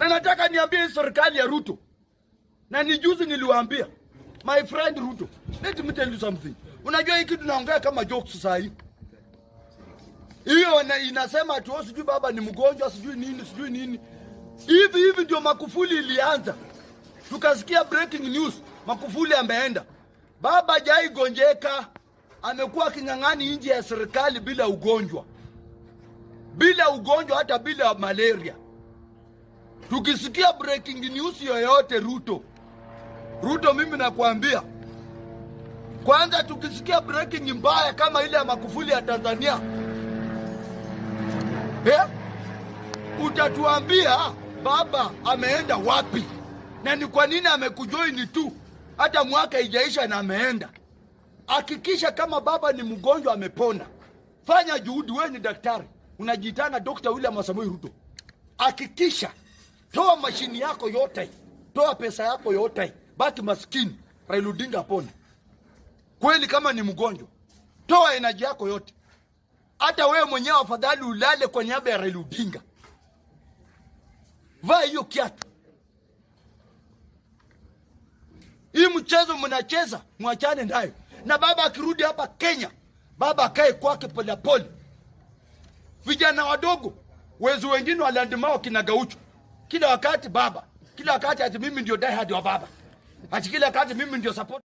na nataka niambie serikali ya Ruto, na ni juzi niliwaambia my friend Ruto, let me tell you something. Unajua hiki tunaongea kama jokes saa hii hiyo inasema tu sijui baba ni mgonjwa sijui nini sijui nini hivi hivi. Ndio Makufuli ilianza, tukasikia breaking news Makufuli ameenda. Baba jai gonjeka, amekuwa king'ang'ani nje ya serikali bila ugonjwa, bila ugonjwa, hata bila malaria. Tukisikia breaking news yoyote Ruto, Ruto, mimi nakwambia kwanza, tukisikia breaking mbaya kama ile ya Magufuli ya Tanzania eh, utatuambia baba ameenda wapi na ni kwa nini amekujoini tu, hata mwaka ijaisha na ameenda. Hakikisha kama baba ni mgonjwa amepona, fanya juhudi. Wewe ni daktari, unajitana Dr. William Samoei Ruto, hakikisha toa mashini yako yote, toa pesa yako yote, baki maskini. Raila Odinga kweli, kama ni mgonjwa, toa enaji yako yote, hata wewe mwenyewe afadhali ulale kwa niaba ya Raila Odinga. Vaa hiyo kiatu. Hii mchezo mnacheza, mwachane nayo. Na baba akirudi hapa Kenya, baba akae kwake polepole. Vijana wadogo wezi wengine waliandimao kina Gaucho kila wakati baba, kila wakati ati mimi ndio die hard wa baba, ati kila wakati mimi ndio support